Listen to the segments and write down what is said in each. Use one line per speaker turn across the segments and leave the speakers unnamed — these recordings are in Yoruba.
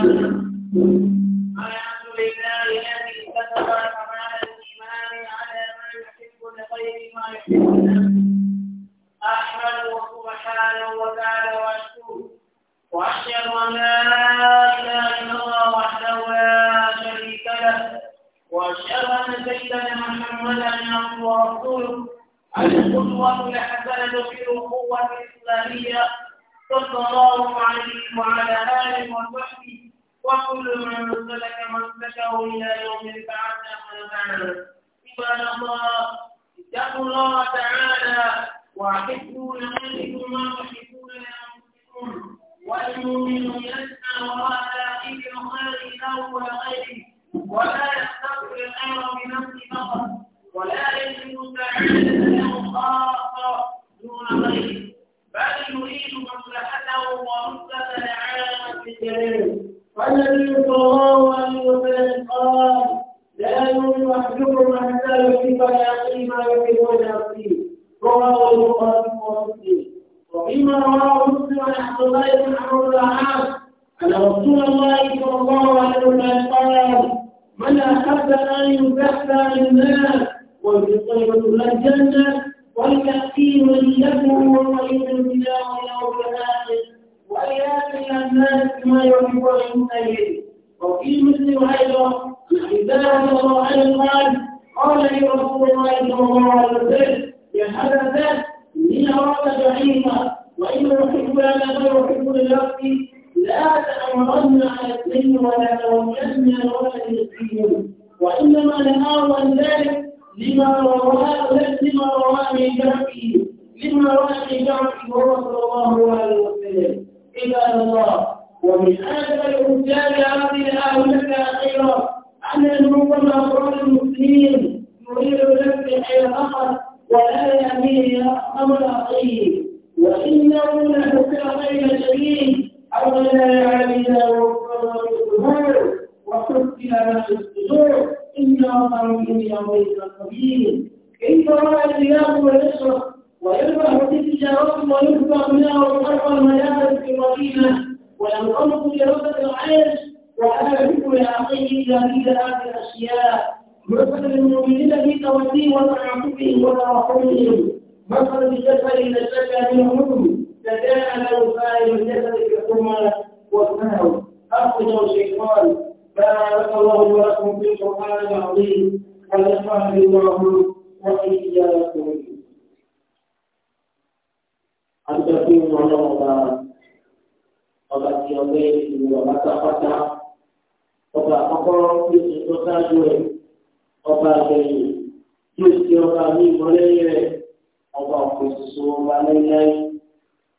Thank you. la والنهر أخرج الشيطان بارك الله ولكم في القرآن العظيم ونفعني الله وإياكم Adapun Allah ọba tí ọgbẹ́ ìlú ọba pátápátá ọba àkọ́kọ́ tí o tó sáájú ẹ̀ ọba àgbẹ̀yìn tí o ti ọba ní ìmọ̀lẹ́yìn rẹ̀ ọba ọ̀pọ̀ ìṣòṣò ọba lẹ́yìn láyé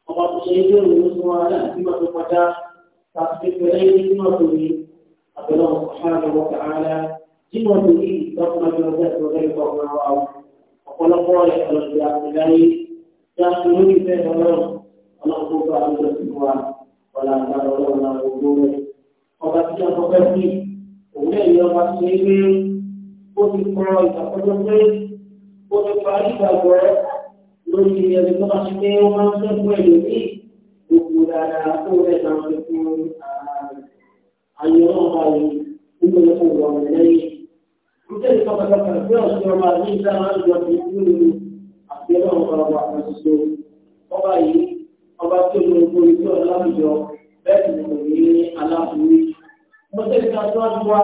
ọba tó ṣe é dé òun ló fún wa láti bí wọn tó kọjá. تصديق إليه جمعته أبلغ سبحانه وتعالى جمعته ضمن جوزات وذلك وما رأوا وقال قال على الجهاد الله تأخذني في غلام ولا خوف على السوى ولا ترى ولا وجود وقد جاء فقدي ومن يوم السيد قد قرأ يتقدم قد قرأ يتقدم lórí ẹni tó bá ṣe pé ó máa ń fẹ́ pẹ̀lú bíi gbogbo dáadáa tó rẹ̀ náà ti fún ayé náà báyìí nígbà tó wọ̀ ọ́ lẹ́yìn. Nítorí pàtàkì pé ọ̀sẹ̀ ọba ní ìta máa ń jọ fi fún àti ọlọ́run ọba wà kan ṣoṣo. Ọba yìí, ọba tó lọ gbogbo ìjọ aláwùjọ bẹ́ẹ̀ ni kò ní aláàbúrí. Mo tẹ́lẹ̀ ká tó wájú wa,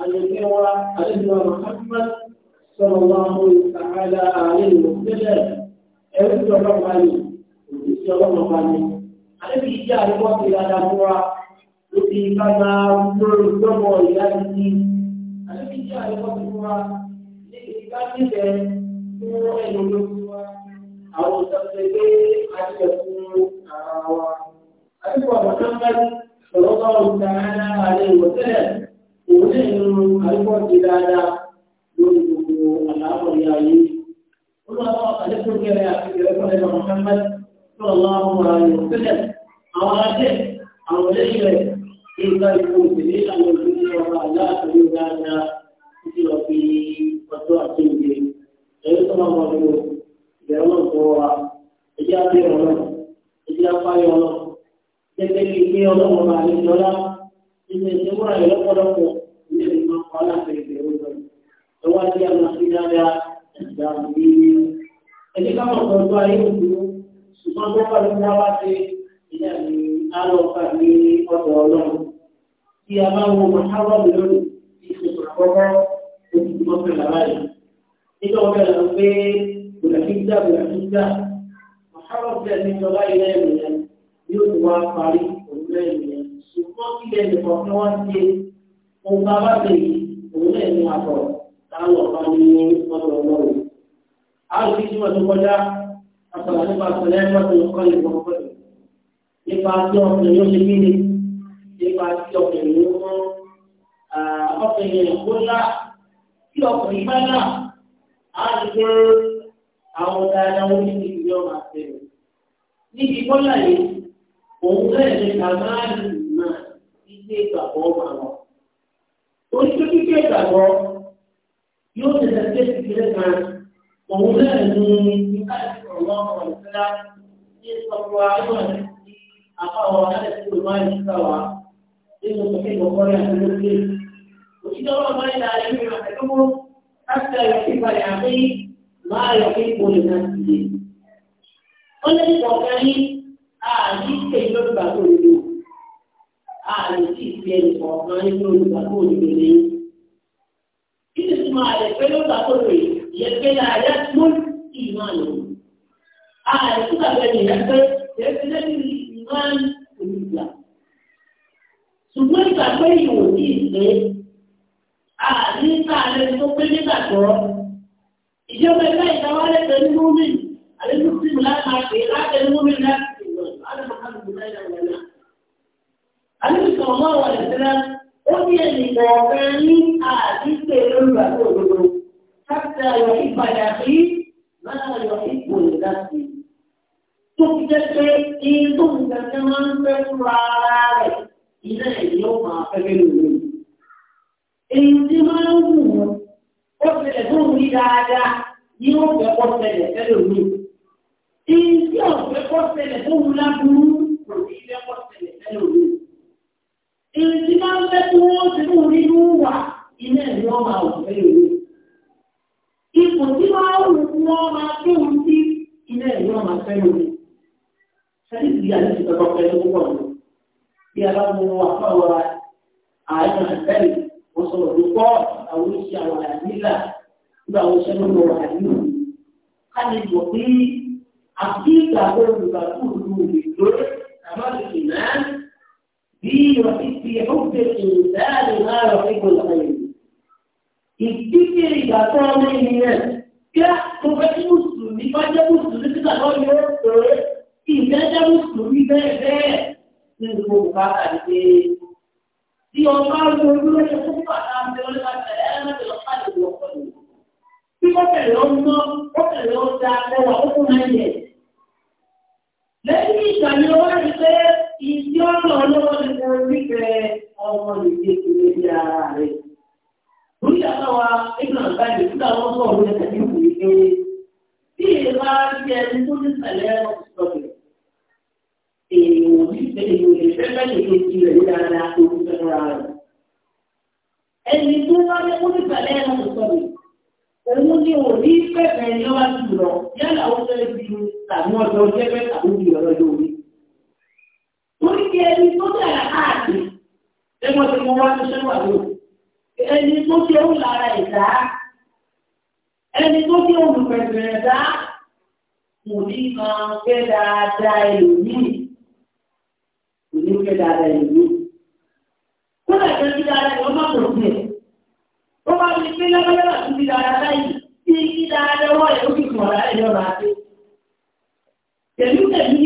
àyẹ̀kẹ́ wa, àlejò wa Muhammad sọ̀rọ̀ wa mo ìtàkàlà àárín ìlú nílẹ̀. Ẹ̀rú ìjọba wa ni, òṣìṣẹ́ ọlọ́run ọba ni níbi ìjà àríwá ti dada múra ló ti kága lórí gbọ́mọ ìyá ti ní. àníbi ìjà àríwá ti múra ní ìdíkà níbẹ̀ fún ẹnu lójú wa àwọn òṣèlú pé a ti lè fún ara wa. àdúgbò àbọ̀tánbẹ́rù sọ̀rọ̀ bá òǹkà ara rẹ̀ wọ̀tẹ́lẹ̀ òun ní ìlú àríwá ti dada lórí gbogbo àlàáfọ̀ ìyá yìí. ó lọ́wọ́ àdékùnkẹ́rẹ́ àti ìrẹ́pọ̀lẹ́ Muhammad sallallahu alaihi wasallam àwọn ajẹ́ àwọn lẹ́yìn rẹ̀ nígbà ìfún òṣèlú àwọn òṣèlú ọba aláàtúndì dáadáa títí lọ fi ọjọ́ àti ìgbé ẹ̀rí tó máa wọlé o ìbẹ̀rẹ̀ náà tó wà ẹjẹ́ abẹ́ ọ̀nà ẹjẹ́ apáyọ̀ ọ̀nà gẹ́gẹ́ bí ilé ọlọ́run máa ní lọ́lá nínú ẹ̀jẹ̀ múra rẹ̀ lọ́pọ̀lọpọ̀ ilé mi máa kọ́ aláàbẹ̀rẹ̀ ẹwà tí a máa fi dáadáa ẹ̀dá àbúrí ìyá mi alọ́fà ní ọ̀dọ̀ ọlọ́run tí a máa wo mọ̀hábọ̀bù lónìí ti ṣe àkọ́kọ́ oṣù tí wọ́n fẹ́ làbá yìí nígbà wọn bẹ̀rẹ̀ lọ pé bùrẹ̀kíjà bùrẹ̀kíjà mọ̀hábọ̀bù bẹ̀rẹ̀ ní ìjọba ilẹ̀ ìrìnà yóò ti wá parí òwúrẹ̀ ìrìnà ṣùgbọ́n kí lè lè kọ́ wọ́n ṣe ohun bá bá bẹ̀ yìí òwúrẹ̀ ní àbọ̀ táwọn nípa tí ọkùnrin ló ṣe kí ni nípa tí ọkùnrin ló mọ ọkùnrin yẹn kó tí ọkùnrin bá là á ti gbé àwọn dáadáa wọn ní ìdílé ọmọ àti níbi bọ́lá yìí òun bẹ́ẹ̀ ni kàmáàlì náà ti gbé ìgbàgbọ́ ọmọ àwọn. oníṣẹ́ kíkẹ́ ìgbàgbọ́ yóò tẹ̀lé sí ìpínlẹ̀ kan òun bẹ́ẹ̀ ni nípa ìṣòro ọmọ ọ̀rọ̀ ìṣẹ́lá ní ìsọ̀rọ̀ àwọn ọ̀rẹ́ àpáwọ̀ ẹ̀rẹ́ tí o máa ń ṣúgbà wá nínú òkè ìgbọ̀kọ́rẹ́ àti lókè. Òṣìṣẹ́ ọlọ́run máa ń da ẹ̀rí rẹ̀ àtẹ́kọ́ láti ẹ̀rọ sí ìbàdàn àti máa yọ kí ipò lè náà ti lè. Ó lé ìkọ̀ọ̀kan ní ààrí ìṣe ìlọ́gbà tó lè lò. Ààrẹ sì fi ẹnì kọ̀ọ̀kan nínú olùgbà tó lò lé. Kí ni tí máa rẹ̀ pé lọ́gbà tó lè yẹ pé láàyè mú ìmọ̀ àlọ́. Ààrẹ sì gbàgbé nìyẹn ìmán olùgbà. Ṣùgbọ́n ìgbà pé ìwò ní ìpè àní káàlẹ́ tó pé nígbàgbọ́. Ìjọba ẹgbẹ́ ìdáwọ́lẹ̀ pẹ̀lú múmi, àlejò sí mi láti máa pè é láti ẹnu múmi láti ìwọ̀n, láti máa ká lùkù láì náà wọ̀nà. Àlejò sọ̀rọ̀ mọ́ àwọn ìṣẹ́lá, ó ní ẹnì kọ̀ọ̀kan ní àdípè tó ti jẹ́ pé inú ìgbàgbọ́ máa ń fẹ́ fúnra ara rẹ̀ iná ẹ̀yìn yóò máa fẹ́ lórí rẹ̀. Èyí tí máa ń wù wọ́n, ó ṣẹlẹ̀ tó ń rí dáadáa ní ó fẹ́ kọ́ ṣẹlẹ̀ fẹ́ lórí. Èyí tí ó fẹ́ kọ́ ṣẹlẹ̀ tó wù láburú kò ní fẹ́ kọ́ ṣẹlẹ̀ fẹ́ lórí. Èyí tí máa ń fẹ́ kí wọ́n ti mú nínú wà iná ẹ̀yìn máa wù fẹ́ lórí. Ipò tí máa ń wù wọ́n máa tó wù sí iná ẹ̀yìn máa fẹ́ lórí. Hadis dia ni kita pakai itu pun. Dia akan menguasai bahwa ayat dari Rasul Duko, Awisya wa Hadila, Udah Awisya wa Hadila. Kan itu di Akika berbuka kudu hidup sama dengan di waktu di hukum insan dengan waktu kulai. Iktikir ibadah oleh ini. Ya, tuh kan muslim, ibadah muslim kita kalau yo terus ìdájọ́ mùsùlùmí bẹ́ẹ̀ bẹ́ẹ̀ ní gbogbo bùkátà ní pé tí ọba lórí lóṣù fún bàtà ń bẹ ọ́ nípa tẹ̀lé ẹ̀rọ tẹ̀lé ọ̀pá lè wọ̀ pẹ̀lú. bí wọ́n tẹ̀lé ọ mọ́ ó tẹ̀lé ọ da ẹwà ó fún náà yẹ.
lẹ́yìn ìgbà ni ó wá rí pé
ìdí ọ̀nà ọlọ́wọ́ ni mo nífẹ̀ẹ́ ọmọ ìdí ìdílé ní ara rẹ̀. lórí àtàwà ìgbà àgbà èèyàn ò ní èèyàn ò lè fẹ́ fẹ́ẹ́ lè ti rẹ̀ ní dáadáa ojú fẹ́ra rẹ̀. ẹni tó wá ní kó nípa lẹ́yìn náà sọ mi òun ni ò ní pẹ̀pẹ̀ ní wá jù lọ yálà ó fẹ́ di tàbí ọjọ́ jẹ́fẹ́ tàbí di ọ̀rọ̀ lórí. torí kí ẹni tó tẹ̀lé káàdì ẹgbẹ́ tí mo wá ní sẹ́wà lò ẹni tó ṣe ń lára ẹ̀dá ẹni tó ṣe olùpẹ̀pẹ̀ ẹ̀dá kò ní máa fẹ́ dáadáa ẹlòmíì dáadáa ìlú. Kódà ìjọ ti dáadáa ìwọ́n máa pọ̀ sí ẹ̀. Ó bá mi pé lọ́wọ́lọ́wọ́ ti ti dáadáa báyìí tí ti dáadáa wọ́ ẹ̀ ó sì mọ̀ láì lọ́rọ̀ àti. Pẹ̀lú pẹ̀lú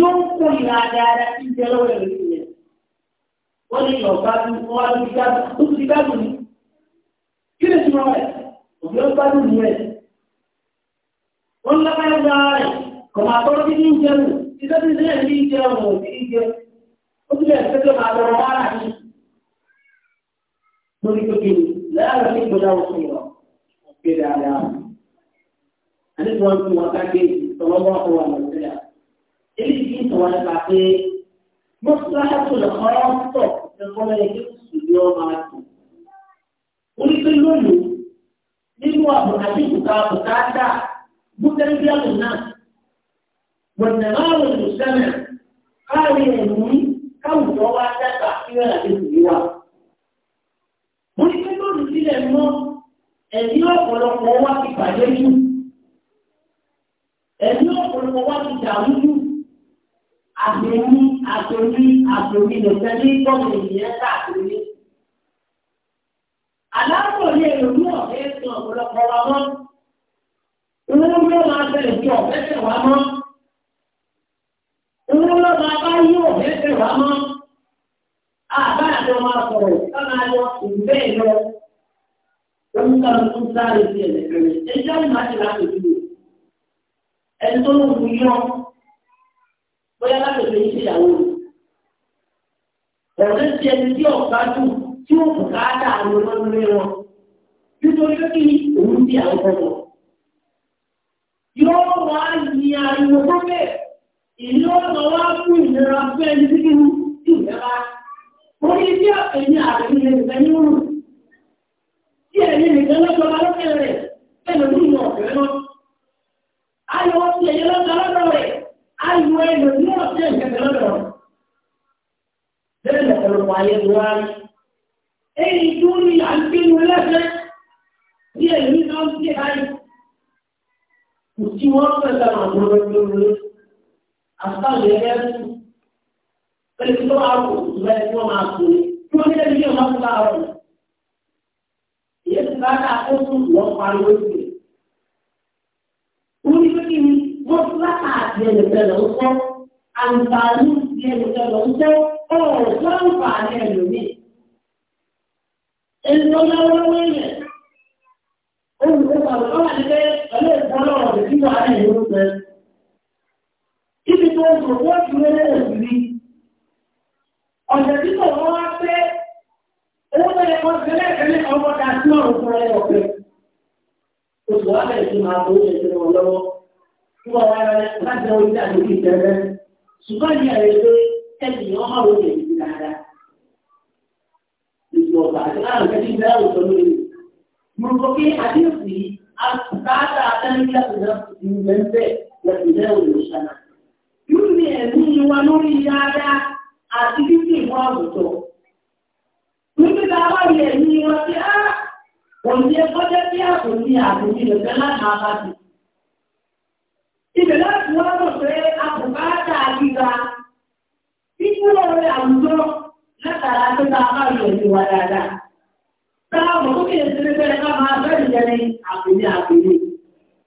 yóò kó ìlà dáadáa tí ń jẹ lọ́wọ́ ẹ̀ lórí rẹ̀. Wọ́n ní ìyọ̀gbá tó wá lórí gbàgbọ́ ó ti gbàgbọ́ ni. Kí ni ti wọ́n rẹ̀? Òbí ó gbàgbọ́ ni rẹ̀. Wọ́n lọ́pàá ń gbà rẹ̀ kọ̀mọ̀ àtọ́rọ́ bí sílẹ̀ tẹ́tẹ́ máa lọ wára ní. lórí kékeré láàárọ̀ ní ìgbọ́dá òfin rọ̀ ọ̀gbẹ́ dáadáa. àti tí wọ́n fi wọn kágbé ìtọ́lọ́wọ́ ọ̀hún wà lọ́sílẹ̀. èyí ti ń sọ̀rọ̀ nípa pé mọ́tíláṣà tó lọ ọ̀rọ̀ sọ̀ ẹ̀kọ́ lẹ́yìn kí sùdí ọmọ àti. orí pé lónìí nínú àbùkà tí kùkà wọ̀nà máa wọ̀ lùsẹ́mẹ̀ káàrin ẹ̀mí káwùjọ wá dàgbà kí wọ́n àti ìwé wa. mo ní pé lóòrùn sílẹ̀ mọ́ ẹ̀mí ọ̀pọ̀lọpọ̀ wá ti bàjẹ́ jù ẹ̀mí ọ̀pọ̀lọpọ̀ wá ti dàrú jù àtòmí àtòmí àtòmí lọ́sẹ̀ ní gbọ́dọ̀ ìyẹn káàkiri. aláàbò ní èròjú ọ̀fẹ́ sọ ọ̀pọ̀lọpọ̀ wa mọ́ owó yóò máa bẹ̀rẹ̀ sí ọ̀fẹ́ tẹ̀ wá mọ́. Owó lọ́ba bá yóò fẹ́fẹ́ wá mọ́. Àbá àjọ máa sọ̀rọ̀ ká máa lọ ìbẹ́ẹ̀ lọ. Wọ́n ká ló tún sáré sí ẹ̀lẹ́kẹ̀rẹ̀. Ẹjọ́ ìmọ̀ àti láti dúró. Ẹni tó lóun fi yọ. Bóyá láti fi ṣe ìyàwó rẹ̀. Ọ̀rẹ́ ti ẹni tí ọ̀gá jù tí ó kù ní ariwo tó bẹ̀rẹ̀ ìlú ọ̀nà wá fún ìlera fẹ́ ní sí kíkú sí ìlera. Mo ní bí ẹ̀yin àrùn ilé nìkan ní òrùn. Bí ẹ̀yin nìkan lọ́jọ́ lọ́kẹ́ rẹ̀ bẹ́ẹ̀ lórí ìlú ọ̀fẹ́ lọ. Ayọ̀ ti ẹ̀yẹ lọ́jọ́ lọ́dọ̀ rẹ̀. Ayọ̀ ẹ̀yọ̀ ní ọ̀fẹ́ ìkẹ̀kẹ̀ lọ́dọ̀. Bẹ́ẹ̀ lọ̀pọ̀lọpọ̀ ayé ti wá rí. Èyí àtúntàwọn ẹgbẹ́ ẹ̀sùn pẹ̀lú tó máa kó ìwé tí wọ́n máa kó tí wọ́n nílẹ̀ nílẹ̀ wọn fún láàárọ̀ ìyẹn ti bá dáa tó fún wọn pariwo sí i. wọ́n ní pé kí ni wọ́n fún látàdí ẹ̀yẹ̀ tẹ̀lé ń kọ́ àǹfààní ti ẹ̀yẹ̀ tẹ̀lé ń kọ́ ọ̀rọ̀ tó àǹfààní ẹ̀yẹ̀ mi. ènìyàn lọ́wọ́lọ́wọ́ yẹn olùkọ́ pàrọ̀ lọ́wọ́ àti pé pẹ̀lú ìfọ́nà ọ̀rọ̀ wọ́n sọ wọ́n ti wọ́n lẹ́yìn sí ní. ọ̀sẹ̀ tí kò wọ́n wá pé owó tó yẹ kó ṣe lẹ́ẹ̀kẹ́lẹ́ ọmọ ta sí ọ̀rùn fún ẹ ọ̀pẹ. oṣù wa bẹ̀rẹ̀ sí máa bọ́ oṣù tó wọn lọ́wọ́ tí wọ́n wá rẹ láti ọwọ́ ilé àdókè tẹ́lẹ̀ ṣùgbọ́n ní ẹ̀rẹ́ pé ẹnìyàn máa wọ ilé ìdí dáadáa. ìgbọ̀gbà àti láàrín kẹ́kẹ́ ìgbẹ́ àwùjọ lórí. mo rò pé àdéhùn yìí àtúntà àtàlẹ́yìn àti náà ti ń bẹ́ẹ̀ lẹ́kùnrin náà ò yóò ní ẹ̀mí wa lórí dáadáa àti títí ìwọ̀n àwùjọ. Níbi tá a bá rí ẹ̀mí wa sí á, òní ẹ̀kọ́ jẹ́ kí ààbò ní ààbò ní ìrẹ̀fẹ́ láti máa bá ti. Ibẹ̀ láti wá mọ̀ pé àbùkátà gíga títí ọ̀rẹ́ àwùjọ látara pé tá a bá rí ẹ̀mí wa dáadáa. Táà mọ̀ tó kéde sí pé ká máa bẹ́ẹ̀ jẹ́ ní àbò ní àbò ní.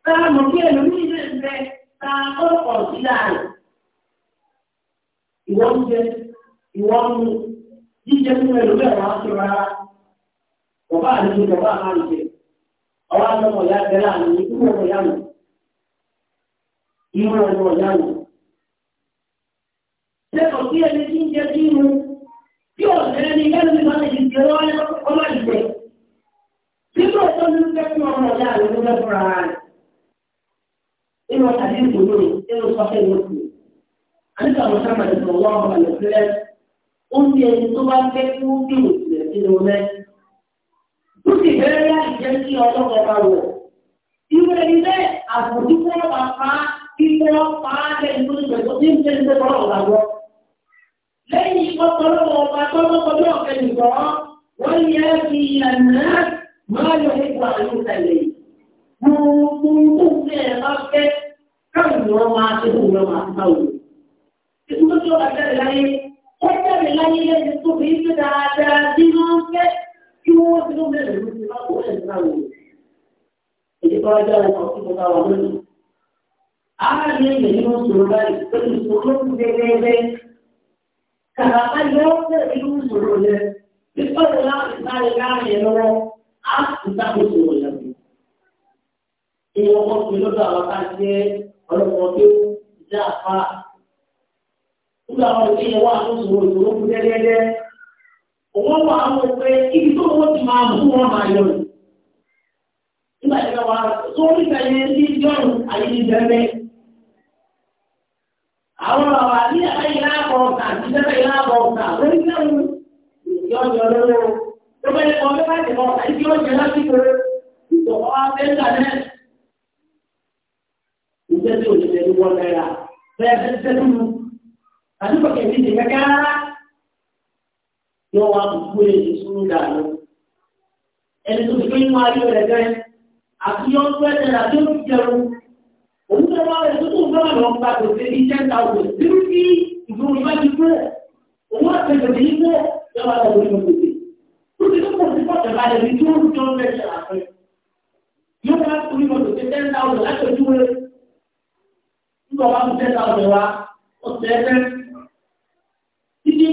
Táà mọ̀ kí ẹ̀lòmíì náà ń bẹ táà ó pọ̀ sí láàrin ìwọ ń jíjẹ fún ẹlòmíì ẹ̀rọ á ti rárá bàbá àmàlùjẹ ọwọ́ àlọ́mọ ìyá bẹ́ẹ̀ láàánú ìwọ ọmọ ìyá nù ìwọ ọmọ ìyá nù. lẹ́kọ̀ọ́ sí ẹni tí ń jẹ sí inú tí ò lẹ́rẹ́ ní ìyá mi máa ń yí ọmọ ìjẹ. Nínú ọjọ́ ní fẹ́ fún ọmọ ìyá rẹ̀ ló rẹ̀. Nínú àdéhùn Àníkà Mùsàmà ní sọ̀rọ̀ wọ́n ọmọ ìlẹ̀sílẹ̀. Ó ń di ẹni tó bá fẹ́ kú bí òṣìlẹ̀ sínú rẹ̀. Ó sì bẹ̀rẹ̀ yá ìjẹ́ kí ọlọ́kọ̀ bá wọ̀. Irú ẹni bẹ́ẹ̀ àbòjú fún ọ̀pá pa kíkọ́ pa á lẹ́yìn tó ń bẹ̀rẹ̀ tó ti ń tẹ́lẹ̀ tẹ́lẹ̀ tọ́lọ̀ làwọ̀. Lẹ́yìn ọ̀pọ̀lọpọ̀ ọ̀pá tọ́lọ́kọ̀ bí ọ̀kẹ́ nìkan, wọ́n yẹ kí ìyànná máa yọ nípa àyùntẹ̀lẹ̀. Gbogbo ohun tó ń bẹ̀rẹ̀ bá fẹ́ káwọn ìwọ̀n máa ṣe fún ìwọ̀n máa ń bá òun ìdúró tí ó bá jáde láyé wọ́n jáde láyé lẹ́yìn tó fi ṣe dáadáa bí wọ́n fẹ́ kí wọ́n ti ló bẹ̀rẹ̀ ló ti máa kó ẹ̀ nígbà wò. èdè tó wájú àwọn ọkọ̀ tó bá wà lónìí. àwọn àmì ẹ̀yẹ ni wọ́n sọ̀rọ̀ báyìí pẹ̀lú ìṣòro ló kù gẹ́gẹ́ kàràkà yọ ọ́fẹ́ inú nígbà wọn ò kéye wá àwọn ìṣòro ìṣòro kú dẹ́dẹ́dẹ́ òun wá àwọn pé ibi tó wọ́n ti máa mú wọn máa yọ nígbà tí wọ́n wá tó ń fẹ́ sí jọ́rùn àyíjẹ́fẹ́ àwọn ọ̀rọ̀ àti ẹ̀fẹ́ yìí ọ̀tà àti ẹ̀fẹ́ yìí ọ̀tà lórí sẹ́wọ̀n ìjọ́jọ́ lọ́wọ́ tó bẹ́ẹ̀ kọ́ bẹ́ẹ̀ bá ti kọ́ ọ̀tà ìjọ́jọ́ lásìkò ìjọba wa fẹ́ náà ìjẹ́ tí òṣèlú wọn náírà bẹ́ẹ̀ fẹ́ sẹ́nu àdúgbò kẹ̀mí ti fẹ́ kára yóò wá kúkú lè ní sùúrù dànù ẹni tó fi pé inú ayé rẹ̀ gẹ́ àti yọ ń pẹ́ tẹ̀lé àti yóò fi jẹun òun tó wá rẹ̀ tó tó ń bá lọ gba gbèsè ní ten thousand nínú kí ìgbòho ìbá ti pẹ́ òun àti gbèsè yìí pẹ́ yọ wá lọ́wọ́ nínú gbèsè ó ti tó pọ̀ sí pọ̀ tẹ̀lé àti ẹni tó ń jọ ń bẹ̀rẹ̀ àfẹ́ yóò wá kúrú ìbọn gbèsè ten thousand láti ojú rẹ̀ nígbà ten thousand wá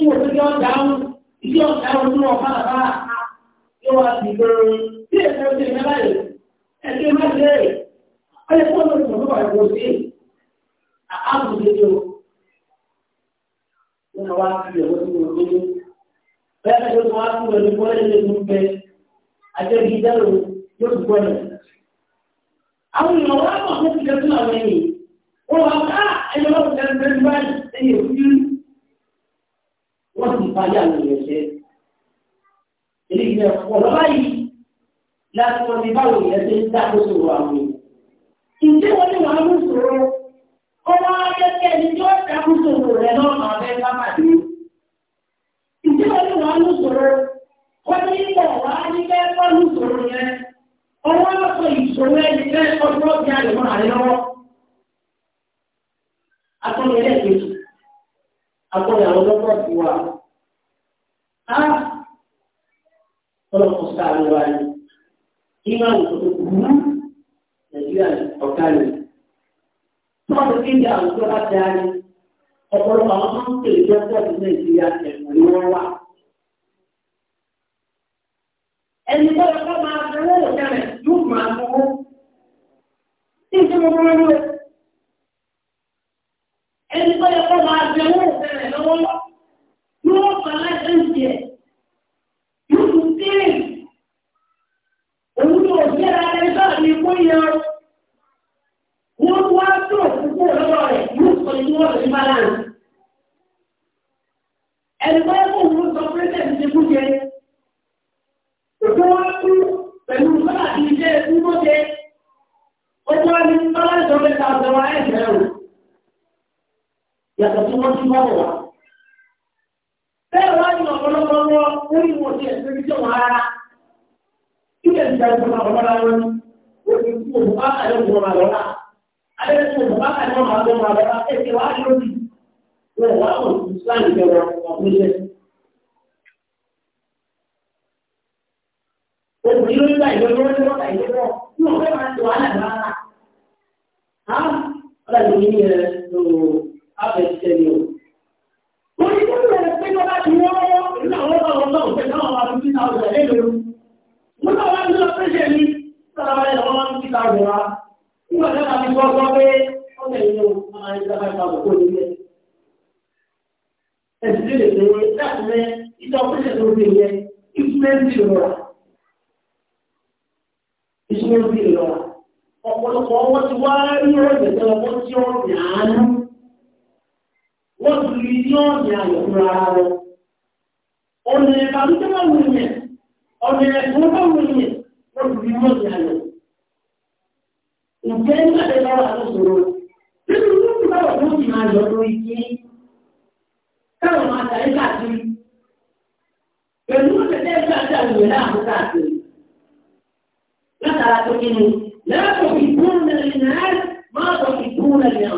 wò tó yọ dáhùn ìdí ọ̀dà ọdún ọ̀pá bàbá yóò wá sí lórí bí èso ti ń bá yìí ẹgbẹ́ má ṣe é ọyẹ kó ló sọ fún ọ̀rẹ́ kò sí àbùkù tó wọn wá sí ìyẹ̀wò tó wọn lé bẹ́ẹ̀ ló wá sí ìyẹ̀wò tó wọn lé lé fún bẹ́ẹ̀ àjẹbí dẹ́rù yóò tún gbọ́dọ̀ àwọn èèyàn wá mọ̀ fún ìjọba àwọn ènìyàn wọn wá ká ẹ̀yọ́ ọ̀sẹ̀ ń bẹ́ẹ̀ báyìí ẹ̀yẹ̀ fún wọ́n ti parí àwọn èèyàn ṣe. Eléyìí náà pọ̀ lọ́wọ́ yìí láti wọ́n ti báwo ìyẹn ń dákóso àwọn èèyàn. Ìdí wọn ni wàá mú sòrò. Ọwọ́ akẹ́kẹ́ ni yóò dákóso rẹ̀ náà máa fẹ́ bá pàdé. Ìdí wọn ni wàá mú sòrò. Wọ́n ní ìwọ̀ wá ní fẹ́ pọ́nú sòrò yẹn. Ọwọ́ lọ́sọ̀ ìṣòro ẹni fẹ́ ọdún ọ̀gbìn àlùmọ́ agbọ́dọ̀ àwọn lọ́pọ̀ sí wa. Á ọlọ́pọ̀ sáré wa ni. Iná òkòtò kúrú Nàìjíríà ọ̀gá ni. Tọ́ọ̀dù kéde àwùjọ bá dá ní. Ọ̀pọ̀lọpọ̀ àwọn tó ń tèlé lọ́pọ̀ sí Nàìjíríà ẹ̀wọ̀n ni wọ́n wà. Ẹni tó yẹ kó máa fowó òkèrè yóò máa fowó. Tí ìṣẹ́ mo fún ẹni tó yẹ kó máa jẹ owó ìfẹ́rẹ̀ lọ́wọ́ yóò fà láìsẹ̀ ń jẹ yóò tún kéré òun yóò yẹra ẹni tó àmì kó yẹ wọ́n wá tó òkúkú lọ́wọ́ rẹ̀ yóò sọ ní wọ́n lè bá láàrín. ẹni tó yẹ kó òun sọ pé tẹ̀sí ti kú jẹ òkú wá kú pẹ̀lú bọ́lá àti iṣẹ́ ìkú mọ́jẹ ọjọ́ ní bọ́lá ìjọba ìta ọ̀dọ́ wa ẹ̀ bẹ̀rù yàtọ̀ tí wọ́n ti mọ́bọ̀ wá. Bẹ́ẹ̀ wá ní ọ̀pọ̀lọpọ̀ orí wọn ti ẹ̀sẹ̀ bí jọ̀wọ́ ara. Ilé ìjà ìjọba ọ̀pọ̀lọpọ̀ wọn ni òfin kú òfin bá kàlẹ́ òfin ọ̀mà lọ́la. Alẹ́ kú òfin bá kàlẹ́ ọ̀mà lọ́la lọ́la ẹ̀sẹ̀ wá lórí. Wọ́n wá wọ̀ sí Ìsìláàmù bẹ̀rẹ̀ ọ̀pọ̀lọpọ̀. Òfin ló ń gbà ìlọ́jọ́ lọ́wọ́ ìlọ́jọ́ yóò fẹ́ abẹ̀tẹ̀ o. Wọ́n ti tún bẹ̀rẹ̀ pé lọ́ba ti wọ́n wọ́n ní àwọn ọba wọn náà fẹ́ náà wà fún títà ọ̀sẹ̀ lé lóru. Mo náà wá nílò pẹ́sẹ̀ mi sára wáyé lọ́wọ́ wọn fún títà ọ̀sẹ̀ wa. Nígbà tí a ti gbọ́ gbọ́ pé ọ̀sẹ̀ yìí o, wọ́n máa ń sábà ìta àbùkù òní rẹ̀. Ẹ̀sìn lè lè láti mẹ́ ìta pẹ́sẹ̀ tó fi yẹ ìfúnẹ́sì ìrora. Ìfúnẹ́sì ìrora. Ọ̀pọ̀lọpọ̀ wọn wọ́n ti rí ní ọ̀nà àyọ̀kúra ara wọn. ọ̀nà ìbànújẹ́ bá wù yẹn ọ̀nà ẹ̀fọ́ bá wù yẹn wọ́n ti rí ní ọ̀nà àyọ̀. ǹjẹ́ nígbà tẹ́ bá wà lóṣòro nínú tó ti bá wà tó ti máa yọ lórí kí káwọn máa tàyé káàkiri pẹ̀lú tẹ̀lé ẹgbẹ́ àti àwùjọ láàmú káàkiri. látara tó kí ni lẹ́yìn tó fi kún ní ìnáyà máa tó fi kún ní ìnáyà.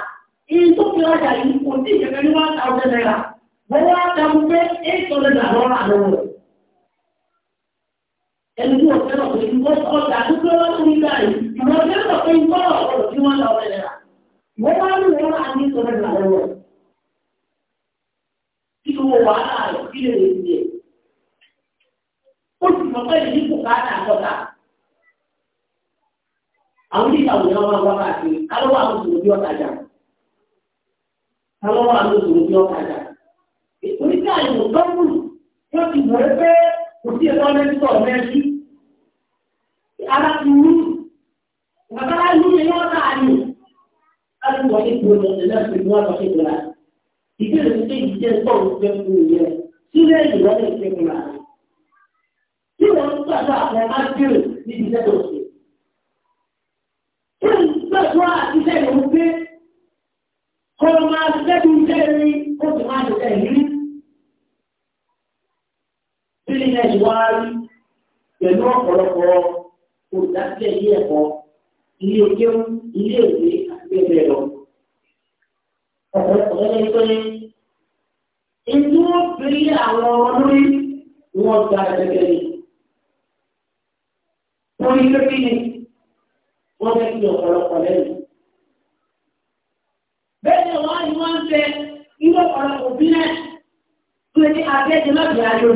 tó fi ọjà yìí kò sí ìjẹ̀kẹ́ ní one thousand naira wọ́n wá dáhùn pé eight hundred and one àná rẹ̀. ẹni tí wọ́n fẹ́ràn pé ìwọ́n ọjà tó fẹ́ wá sí nígbà yìí ìwọ́n fẹ́ràn pé ìwọ́n ọ̀rọ̀ sí one thousand naira wọ́n wá ní wọ́n máa ní eight hundred and one. kí ló wọ wàhálà rẹ̀ kí lè lè ṣe. ó sì mọ̀ pé ìdí kò ká dà àwọn ìgbà wo ni wọ́n máa wá káàkiri káwọn àwọn àwọn máa ló sòrò bí ọ̀kadà. Ìtòrí ká ìwò tọ́kù yóò ti wọ̀ pé kò sí ẹ̀tọ́ mẹ́tọ́ mẹ́rí. Ara ti rú. Bàbá rú ni wọ́n náà A ti wọ̀ ní gbòòrò ọ̀sẹ̀ náà pẹ̀lú wọn lọ sí ìgbòrà. Ìbéèrè ti pé ìdíjẹ́ tọ́ òun fẹ́ fún un yẹn. Sílẹ̀ ìwọ́n lè fẹ́ fún un. Tí wọ́n ń gbàgbọ́ àwọn máa bèrè níbi tó ṣe. Kí ni gbàgbọ́ àti iṣẹ́ ìwọ̀n kó o máa lẹ́nu iṣẹ́ rí kó o sì máa lè tẹ̀lé rí. Bílí náà ti wá rí pẹ̀lú ọ̀pọ̀lọpọ̀ olùdásílẹ̀ ilé ẹ̀kọ́, ilé okéwú, ilé èdè àti bẹ́ẹ̀ bẹ́ẹ̀ lọ. Ọ̀pọ̀lọpọ̀ lọ́jọ́ pé ètò ìpínlẹ̀ àwọn ọmọ Wọ́n ní kí ọ̀pọ̀lọpọ̀ lẹ́nu bẹ́ẹ̀ ni wọ́n ni wọ́n ń fẹ́ irú ọ̀rọ̀ òbí náà tó ní abẹ́jọ láti ayọ́ lò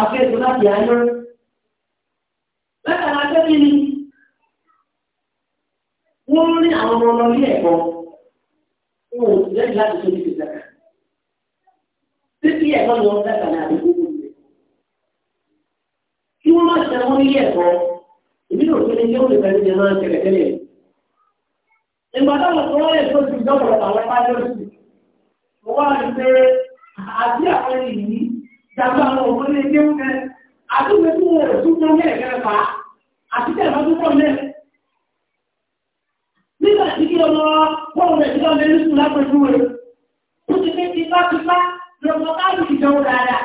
abẹ́jọ láti ayọ́ bẹ́ẹ̀ ni abẹ́jọ ni wọ́n ń rí àwọn ọmọ ilé ẹ̀kọ́ wọn ò sì lẹ́yìn láti tó ní ìgbà kan títí ẹ̀kọ́ ni wọ́n fẹ́ kàn ní àdúgbò kí wọ́n má ṣe àwọn ilé ẹ̀kọ́ ìbílẹ̀ òfin ni yóò lè fẹ́ ní jẹ́ máa Ìgbà táwọn tó wáyé tó ti dọ́pọ̀ àwọn pájọ́sì. Mo wá rí pé àti àwọn èyí dàgbà àwọn òun ní ilé ń fẹ́. Àtúnṣe tí wọ́n rẹ̀ tún fún mẹ́ẹ̀kẹ́ fà á. Àti tẹ̀ wọ́n tún pọ̀ mẹ́ẹ̀. Nígbà tí kí ọmọ pọ́ùn rẹ̀ ti lọ́mọ ẹlẹ́sùn dáadáa.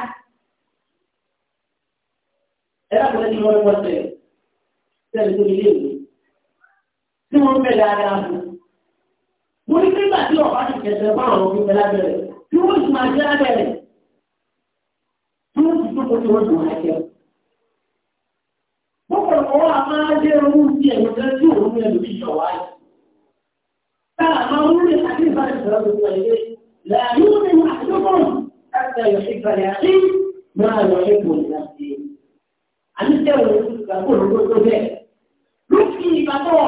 Ẹ lápẹ̀lẹ́ ni wọ́n wọ́n tẹ̀. Sẹ́ni tó ilé ìwé. Tí wọ́n fẹ́ dáadáa fún mo ní nígbà tí ọba ti kẹsẹ̀ fáwọn ọmọ ìgbẹ́ lábẹ́rẹ́ tí wọ́n ti máa jẹ́ lábẹ́rẹ́ tí wọ́n ti tókò tí wọ́n ti máa jẹ́. Bọ́pọ̀ ọ̀wọ́ a máa jẹ́ owó ti ẹ̀wọ̀n jẹ́ tí òun ní ẹlòmí ìṣọ̀wá yìí. Táà máa ń rí àti ìbánisọ̀rọ̀ tó sọ ilé làyún ní àdókòrò láti ẹ̀yọ̀ ìgbàlẹ̀ àti máa lọ ẹ̀kọ́ ìlànà. Àníṣẹ́ òun ìgbàgbọ́ òun tó tó bẹ́ẹ̀. Lókì ìgbàgbọ́ ọ̀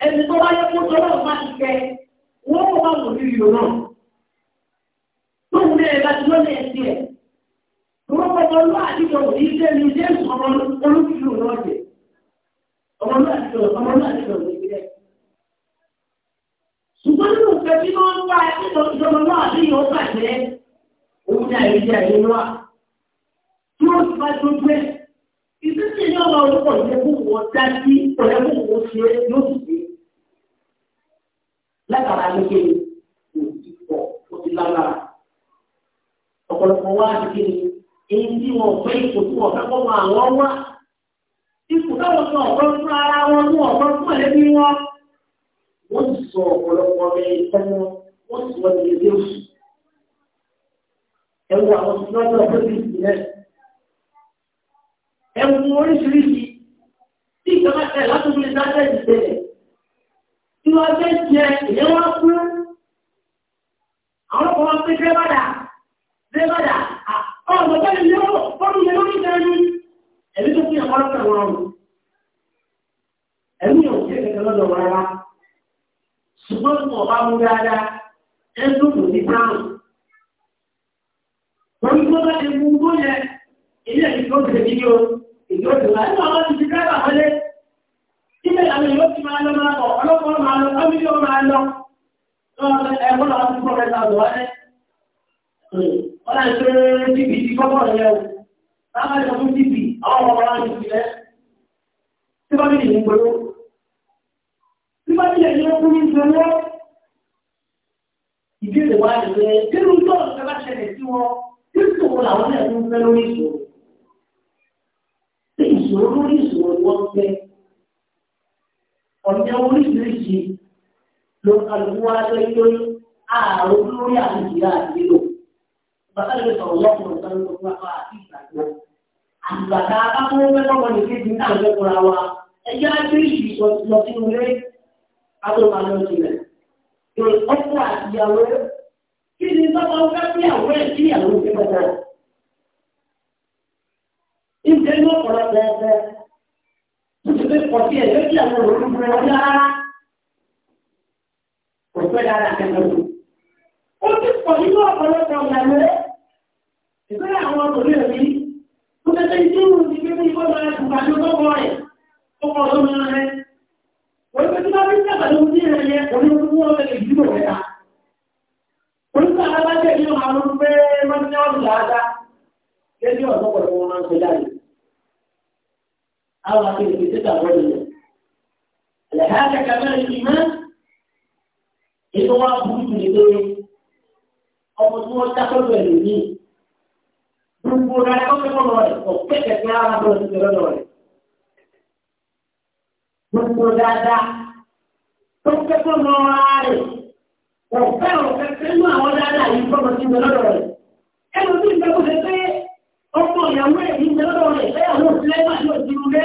ẹni tó bá kó tó lọ́wọ́ bá ti wọ́n kó bá wòlíì yìí tó ń lé láti lọ́nà ẹ̀ tiẹ̀ wọ́n kọ́ lọ́wọ́ àdìgbò òní jẹ́ ní jẹ́ ọmọ olókìkí òní ọ̀jẹ̀ ọmọ lọ́wọ́ àdìgbò ọmọ lọ́wọ́ àdìgbò òní jẹ́ ṣùgbọ́n nínú ìfẹ́ tí wọ́n ń wá ẹ̀kọ́ ìjọba náà àdéhùn ó bàjẹ́ òun ní àyèjì àyèjì tí wọ́n ti bá látara nígbè kò ti pọ̀ kò ti lágbára. ọ̀pọ̀lọpọ̀ wá nígbè èyí tí wọ́n fẹ́ ipò tí wọ́n fẹ́ kọ́ mọ àwọn wá. ipò táwọn sọ ọ̀pọ̀ fún ara wọn mú ọ̀pọ̀ fún ẹ̀mí wọn. wọ́n ti sọ ọ̀pọ̀lọpọ̀ rẹ̀ sẹ́nu wọ́n ti wọ́n ti lè dé oṣù. ẹ wo àwọn tí wọ́n lọ fún ìsìnlẹ̀. ẹ wo oríṣiríṣi tí ìjọba tẹ̀ látòkè dájẹ́ tí wọ́n fẹ́ jẹ ìyẹn wọ́n àwọn ọkọ̀ wọn pé dẹ́bàdà dẹ́bàdà ọ̀rọ̀ tẹ́lẹ̀ yóò fọ́nù yẹn lórí ìdájú ẹ̀mí tó fi ẹ̀kọ́ lọ́pẹ̀ wọn rọrùn ẹ̀mí ò kí ẹ̀kẹ́ lọ́dọ̀ wọn rárá ṣùgbọ́n tí wọ́n bá mú dáadáa ẹ̀dùn kò ní sáàmù wọ́n ní gbọ́dọ̀ ẹ̀kú gbọ́yẹ ilé ìjọ́sẹ̀ nídìí o Ibẹ̀ wáyé. rẹ̀ o. Bábá ìṣọ́ fún ṣẹlẹ̀ sí wọn, tí ìṣòro làwọn ẹ̀ ń fẹ́ lórí ìṣòro. Tí ìṣòro lórí ìṣòro wọ́n fẹ́ ọ̀tẹ́ oríṣiríṣi ló kálukú wá lé lórí ààrùn lórí àlejò àdìlò. Bàbá mi sọ̀rọ̀ lọ́kùnrin ọ̀sán ló wá fà àti ìgbàgbọ́. Àgbàdá akọ́wé mẹ́kọ̀ọ́ ní kéjì náà lẹ́kọ̀ọ́ra wa. Ẹjẹ́ àjẹ́sì lọ sínú ilé àtọ́nà lọ sílẹ̀. Ọkọ àtìyàwó kí ni bàbá ń fẹ́ bí àwọn ẹ̀ sí ìyàwó ìgbẹ́ bọ̀? Ìgbẹ́ ní ọ̀pọ̀lọpọ̀ ẹgbẹ́ nítorí kọ̀tí ẹ̀ lójú àwọn olùdókòwò ọjọ́ rárá kò fẹ́ dáadáa kẹ́kẹ́ lọ. ó ti pọ̀ nínú ọ̀pọ̀lọpọ̀ ìyàwó rẹ̀ ìgbẹ́ àwọn ọkùnrin rẹ̀ yìí tó tẹ́tẹ́ tí ó ti gbé ní ìwọ́n máa ń gbà ní ọgọ́ rẹ̀ ó kọ̀ ọ́ lọ́mọ rẹ̀. wọ́n ti tún bá fi ń sábà lóhun ní ìrẹ̀ yẹn kò ní ojú wọn lè jí rẹ̀ ta. onígbà alábàjẹ́ yìí máa ń gbé mọ́tíyàwó dáadáa gẹ́gẹ́ ọ̀dọ́kọ̀ọ́ تتغير لهذا كمال الإيمان إنه أبوك لديه ọmọ tí wọ́n dákọ́ pẹ̀lú ní gbogbo rẹ̀ kọ́kọ́ lọ rẹ̀ kọ́ kẹ́kẹ́ kí ara lọ sí ìrọ̀ lọ rẹ̀. Gbogbo dáadáa tó kẹ́kọ́ lọ ara rẹ̀ kọ́ fẹ́ràn kẹ́kẹ́ nú àwọn dáadáa yìí kọ́kọ́ sí ìrọ̀ lọ rẹ̀. Ẹnu tí ìgbà kò fẹ́ pé ọkọ̀ ìyàwó ẹ̀ ní ìrọ̀ lọ rẹ̀ fẹ́yàwó ìfẹ́ máa yóò ti rú lé.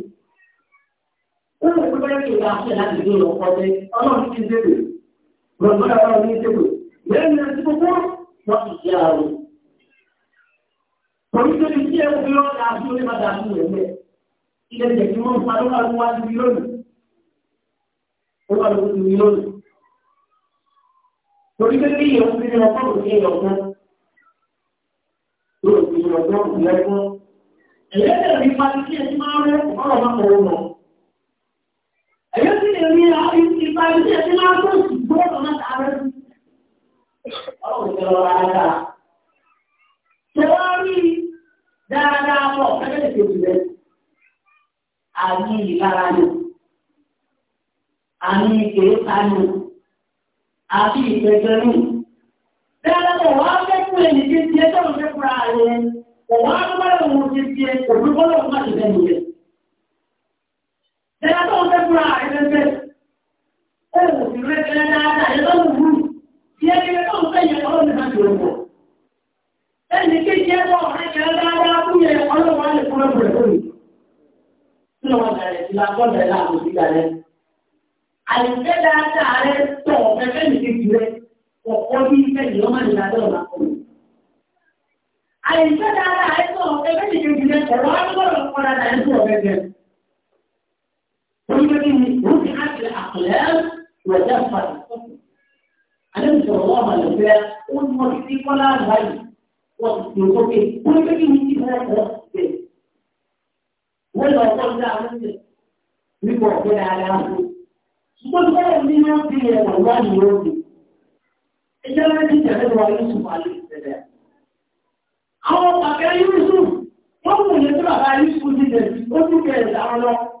ó lè fi bẹ́ẹ̀ kí n bá ṣe láti dé ìlọ́pọ̀ pé ọlọ́run ti débè lọ́gbọ́n ọlọ́run ní débè lẹ́yìn náà tí gbogbo wọ́n ti jẹ́ àrùn. Torí pé kí ẹ fi lọ́ da sí orí padà sí ẹ̀mẹ́. Ilé ìjẹ̀ tí wọ́n ń pa lọ́wọ́ ló wá síbi lónìí. Ó wà lóko síbi lónìí. Torí pé kí ìyẹn fi lọ fọ́ọ̀mù sí ẹ̀yọ̀ kan. Yóò fi lọ fọ́ọ̀mù sí ẹ̀kọ́. Ẹ̀yẹ́ tẹ̀lé mi pa kí ẹ ti máa rẹ́ ọ̀rọ̀ máa Ẹ̀yọ́ sì lè rí ipa iṣẹ́ tí máa tó sì gbọ́dọ̀ náà tààrẹ́. Ọ̀rọ̀ ìṣẹ̀lẹ̀ ọ̀rọ̀ àdá. Ṣé wá rí dáadáa pọ̀ kẹ́lẹ́ ìṣèlú rẹ̀? Àmì ìlara ni. Àmì ìkéka ni. Àbí ìpẹ̀jọ ni. Dáadáa pọ̀ wá fẹ́ fún ẹnì kejì ẹjọ́ òun fẹ́ fúnra rẹ̀. Kò wá lọ́wọ́ òun ti fi ẹ̀ kò dúró lọ́wọ́ má ti fẹ́ nìyẹn. Dẹ́gbẹ́ tó ń fẹ́ fúnra ẹgbẹ́gbẹ́. Ó wò sí rẹ̀ kẹ́lẹ́ dáadáa yẹn tó ń wù. Ìyẹn ni tó ń fẹ́ yẹn ọlọ́run náà yóò wọ̀. Ẹnì kejì nìkejì rẹ̀ ọ̀pọ̀ bí ìfẹ́ ìlọ́mọ àyẹ̀fẹ́ dáadáa rẹ̀ tọ̀ ọ̀fẹ́fẹ́ nìkejì rẹ̀ ọ̀rọ̀ وبه رفعت الأقلام ودفت الصفر النبي صلى الله عليه وسلم أمر في ولا غير وقت يوسف وبه هذا ولا قلنا عنه نقول كده على أهله سبحان الله من يوم والله يوم إذا ما تتعلم يوسف عليه السلام أو بقى يوسف يوم يطلع على يوسف جدا وتكلم عنه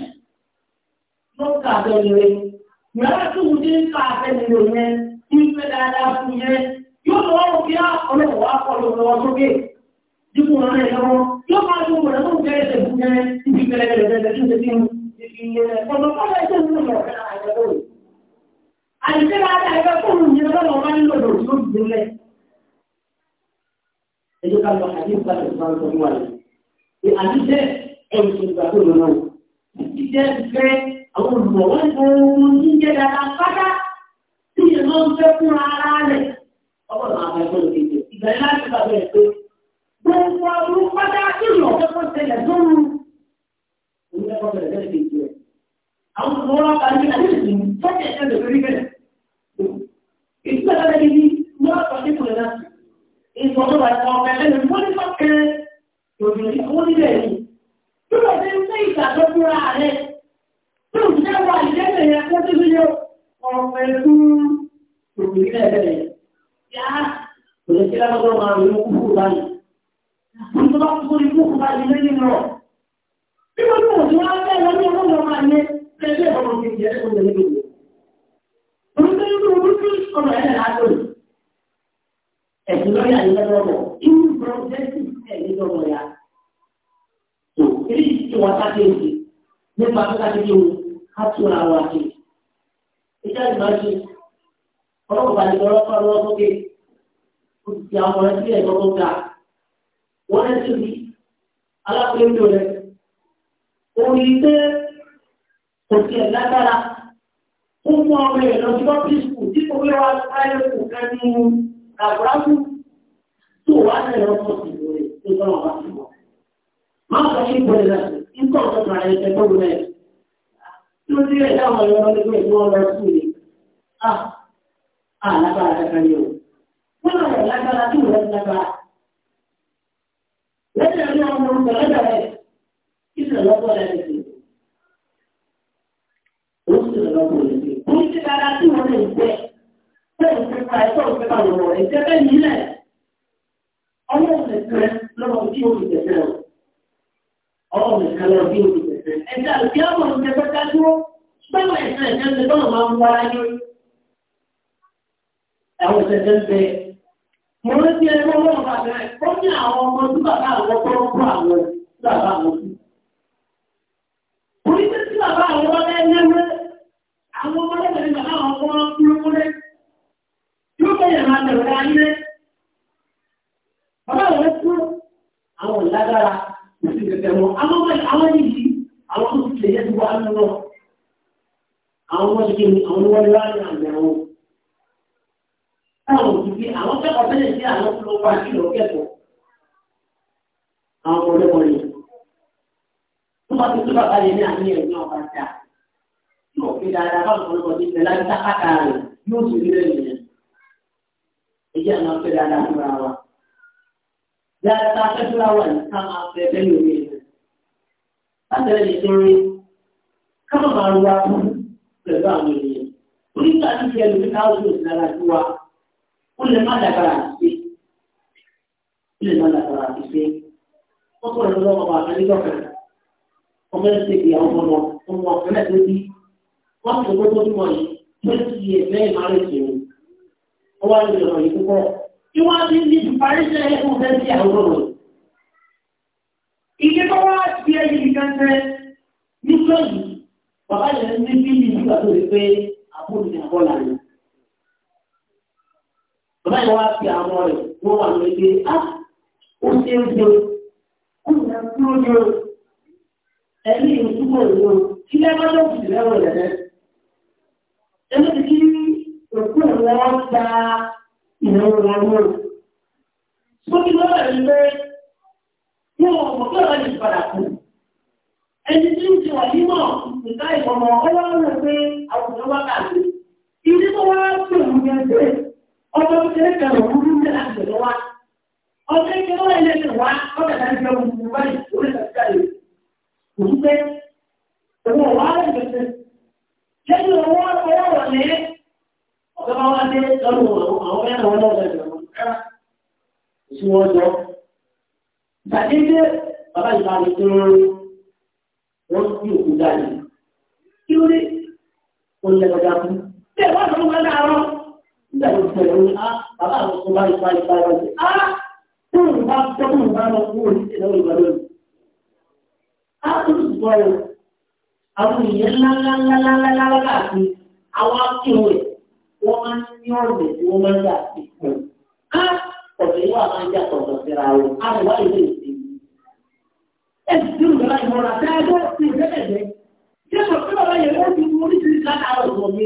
tó ń kà bẹ́ẹ̀ ni tó wù ní ká bẹ́ẹ̀ yẹn, ìfẹ́ dáadáa fún yẹn, yóò lọ́wọ́ wò kí ọlọ́wọ́ wá kọ́ sókè. Dípò wọn rẹ̀ lọ́wọ́, yóò máa lo wọ̀rẹ́ tó ń bẹ̀rẹ̀ tẹ̀ fún yẹn, ibi bẹ̀rẹ̀ bẹ̀rẹ̀ bẹ̀rẹ̀ tó ń tẹ̀ sí ìyẹn. Ọ̀nà kọ́lá ẹ̀jẹ̀ ń lọ Àìsí dáadáa ń lò lòdì Ẹjọ́ ká lọ àdéhùn bá tẹ̀síwá ń sọ fún wa rẹ̀. Àdíjẹ́ ẹ̀rù ṣe ìgbà tó lọ náà. Àdíjẹ́ ìfẹ́ àwọn olùkọ́ wọn kọ ń jẹ́ dáadáa pátá tí yẹn máa ń fẹ́ fún ara rẹ̀ ọkọ̀ náà máa fẹ́ lóde láti bá bẹ̀rẹ̀ pé gbogbo pátá tí yẹn ọ̀fẹ́ kọ́ tẹ̀lẹ̀ lóru òun lẹ́kọ́ bẹ̀rẹ̀ lẹ́sẹ̀ ìjọ rẹ̀ àwọn olùkọ́ wọn bá ní alẹ́ ìsìn tọ́jà ẹ̀ṣẹ̀ lè fẹ́rí bẹ̀rẹ̀ ìgbà yẹn ní wọ́n kọ́ dípò rẹ̀ láti ìgbà tó bá kọ́ ọ tó ń jẹ́ wà ìlẹ́gbẹ̀ẹ́ yẹn kó tó yẹ ọ̀pẹ̀ fún òmìnira ẹ̀bẹ̀rẹ̀ yá kò lè kíra lọ́dọ̀ máa rí okú fún báyìí wọ́n tó bá kú ní kú fún báyìí lẹ́yìn náà bí wọ́n tó wọ́n wá bẹ́ẹ̀ lọ́dọ̀ wọ́n lọ máa ní ẹgbẹ́ ọmọ mi jẹ́ ọmọ mi lè Òṣìṣẹ́ inú orúkú ọmọ ẹ̀rẹ̀ lágbó yìí. Ẹ̀sùn lọ́yà ní lọ́wọ́ inú bọ́ọ̀dẹ́sì ẹ̀ ní lọ́wọ́ ya. Tò, eré ìṣèwà sáté òkè nípa tó ká àtúnra wa ṣe iṣẹ́ ìgbàṣe ọlọ́pàá bá nìkan ọlọ́pàá lọ́wọ́ sókè ó ti fi àwọn ọmọ rẹ sílẹ̀ tó tó ga wọ́n rẹ síbi alákòóso rẹ orí pé kò tiẹ̀ lágbára ó mú ọmọ rẹ lọ sí bọ́ọ̀tì skul tí kò wíwá láyé kò kẹ́nu kàbúrákù tó wà ní ẹ̀rọ pọ̀sì lórí tó tọ́lọ̀ wá sí wọn. má sọ ní ìpolẹ̀ náà ń tọ́ ọ̀sán ara ẹ̀ tí ó dílé táwọn ọ̀rọ̀ ọdún ìgbọ́n lọ ni àà lágbára ni o wọ́n rẹ̀ lágbára tí wọ́n lágbára lẹ́yìn ọdún ọmọ orúkọ lọ́dọ̀ rẹ̀ kí sì lọ́pọ̀ rẹ̀ sí o sì lọ́pọ̀ rẹ̀ sí o ní kíkara tí wọ́n lè gbẹ bẹ́ẹ̀ ní pípa ẹ̀kọ́ ìpínlẹ̀ ọ̀rọ̀ rẹ̀ bẹ́ẹ̀ nílẹ̀ ọmọ òṣèṣẹ́ lọ́wọ́ lọ́wọ́ tí ẹ̀ka òkè ọmọ ló tẹ́ pẹ́ká dúró báwọn ẹ̀sìn ẹ̀jẹ̀ ń bẹ tọ́nà máa ń wá láyé. Àwọn ìṣẹ̀jẹ̀ ń bẹ. Mo ló ti ẹgbẹ́ ọlọ́run bàbá ẹ̀ ó ní àwọn ọmọ tí bàbá àwọn tó ń kó àwọn tí bàbá àwọn sí. Orí tí bàbá àwọn wá lẹ́lẹ́wẹ́ àwọn ọmọ lẹ́gbẹ̀ẹ́ ni bàbá àwọn ọmọ kúrú kúrẹ́. Yóò bẹ̀rẹ̀ máa tẹ̀lé ayé. Bàbá àwọn kúrú àwọn ìlágbára kò sí ìgbẹ̀tẹ̀ wọn. Àwọn ọmọ ìlú àwọn tó ti tẹ̀lé ti wá lọ àwọn ọmọ ṣe ni àwọn wọn wá ní àmì àwọn táwọn òbí bí àwọn kẹ́kọ̀ọ́ tẹ́lẹ̀ sí àwọn tó lọ wá sí lọ kẹ́kọ̀ọ́ àwọn ọmọ lẹ́wọ̀n ni tó bá ti tó bàbá yẹn ní àmì ẹ̀yìn ọba dà yóò fi dáadáa bá àwọn ọmọ nígbà láti sákàtà rẹ̀ yóò sì rí lẹ́yìn rẹ̀ ẹjẹ́ àwọn afẹ́ dáadáa fúnra wa dáadáa fẹ́ fúnra wa yìí ká máa fẹ́ bẹ́ẹ̀ látẹ̀lẹ́ lè tẹ́rẹ́ káàmà máa ń wá fún pẹ̀lú àwọn ènìyàn onígbà tí ìfẹ́ lórí káàdùn ìlara ju wa ó lè má dàgbára àti ó lè má dàgbára àti pé wọ́n kọ́ ẹ̀rọ lọ́wọ́ ọmọ àkàlẹ́ lọ́kàn ọmọ ẹ̀ ṣe ìyàwó ọmọ ọmọ ọ̀kẹ́lẹ̀ tó bí wọ́n ti gbogbo tó mọ̀ yìí tó ti yẹ bẹ́ẹ̀ máa rẹ̀ ṣe wọ́n wá lè lọ́wọ́ yìí púpọ̀ tí wọ́n ti ní ìparí ṣé wá sí ẹyí ìgbẹ́sẹ̀ ní sọ́yìn bàbá yẹn ní bí ní ìgbà tó rí pé àbúrò ní lànà. bàbá yẹn wá sí àwọn rẹ̀ wọ́n wà lórí pé á ah, ó ṣe é ṣe ó yẹ kí ó yọ ẹni ìtúbọ̀ ìlú kí lẹ́gbẹ́ ló sì lẹ́wọ̀ lẹ́lẹ́. ẹni tí kí òkú ìwọ́n gba ìnáwó lọ́wọ́. sókè lọ́wọ́ ẹ̀ ní wọn kò tó lọ yìí padà kú. ẹni tí ń ti wà ní mọ̀ nígbà ìfọ̀mọ̀ ọlọ́run rẹ̀ pé àwùjọ wá kàdé. ìdí tó wá pè mí ní ẹgbẹ́ ọjọ́ kékeré kan ò wúlú ní àgbẹ̀lẹ̀ wa. ọjọ́ kékeré wọn ilé ìwà ọ̀gàdà ń jẹun ní báyìí orí kàkàlẹ̀. kò ń pẹ́ owó wa rẹ̀ gbèsè. lẹ́yìn owó ọwọ́ wọ̀ ní ọ̀gá wa dé lọ́rùn àwọn ẹ̀rọ ọlọ́run gbàdédé bàbá ìbá mi tó wọ́n sí òkú jáde kí ló dé wọ́n yẹ lọ́jà fún bẹ́ẹ̀ wọ́n lọ́wọ́ wọn láàárọ̀ nígbà tó tẹ̀lé wọn á bàbá àwọn tó bá ìbá ìbá ìbá ìbá á tó ń bá tó ń bá lọ kúrò ní ìlú ìbá lónìí. á tó ti sọ ọ àwọn èèyàn ńláńláńláńláńlá káàkiri àwọn akéwìn wọ́n máa ń ní ọ̀rẹ́ tí wọ́n máa ń dà sí ìpò ọ̀sẹ̀ yìí wà máa ń jà tọ̀tọ̀ síra o àríwá ìlú ìsì. ẹ ti dúró lọ́la ìmọ̀ràn tá a gbọ́ sí ìrẹ́lẹ̀dẹ́ ṣé kò sí bàbá yẹn ó ti mú oríṣiríṣi látàárọ̀ ìwọ̀ mi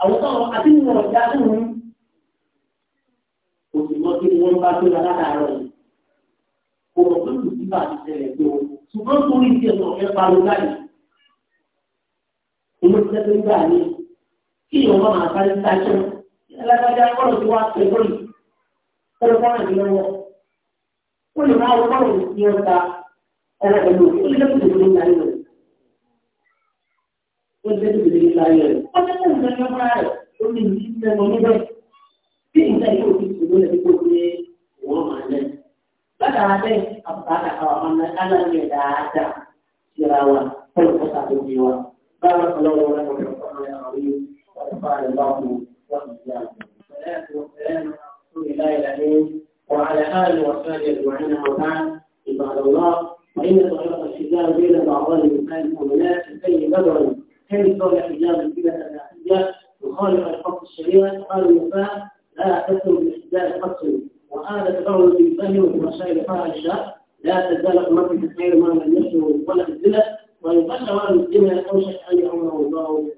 àwọn tọrọ àti ìwọ̀n ọ̀dà tó ń kò sì mọ kí wọ́n bá tó lọ látàárọ̀ yìí kò mọ̀ pé kò sí bàbá ti tẹ̀lé pé o ṣùgbọ́n torí ti ẹ̀sọ̀ ọ̀fẹ́ pariwo báyìí ìlú ti tẹ́ pé ń gbà ní kí ìwọ̀n bá kọ́lọ́ bá rẹ̀ lọ́wọ́ ó lè máa wọ́n rẹ̀ sí ọ̀tá ọ̀rọ̀ ẹ̀lú ilé ìdílé láyé rẹ̀ ilé ìdílé láyé ọjọ́ tó ń bẹ ní ọba rẹ̀ ó lè ní ìlẹ́nu níbẹ̀ bí ìgbà yóò fi sùn lórí ẹ̀dínkù pé wọ́n máa lẹ̀ látara bẹ́ẹ̀ àbùkátà àwọn ọmọ رسول الله الأمين وعلى آل وصحبه أجمعين وبعد عباد الله فإن طريق الحجاب بين بعضان النساء المؤمنات كي بدر كم صار حجاب الكلة الأخية يخالف الحق الشريعة قال النساء لا تكن بحجاب قتل وهذا تبرر بالفهم ومشايخ فاحشة لا تزال أمتي خير ما لم يشعر ولا الذلة ويقال وأن الدنيا أوشك أن يأمره الله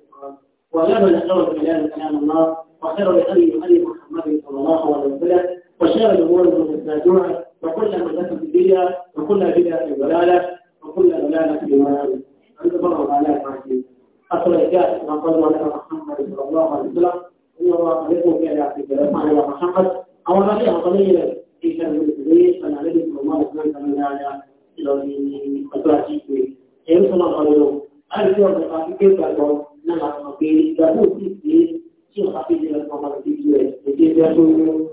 وغلب الأقوى كلام كلام الله وخير لأن يؤلف النبي صلى الله عليه وسلم وشر الأمور محدثاتها وكل محدثة بدعة وكل في ضلالة وكل ضلالة في النار أنت الله تعالى العزيز أصل الكافر ما قال على محمد صلى الله عليه وسلم إن الله قدركم في عبد الله على محمد أو ما فيها قليلا في شر الكبير أن النبي صلى الله عليه وسلم كان على إلهي أتواجيكم أيها الله عليه وسلم أرجو أن تقاتل كيف تكون نعم في دابوس في jẹ́ pé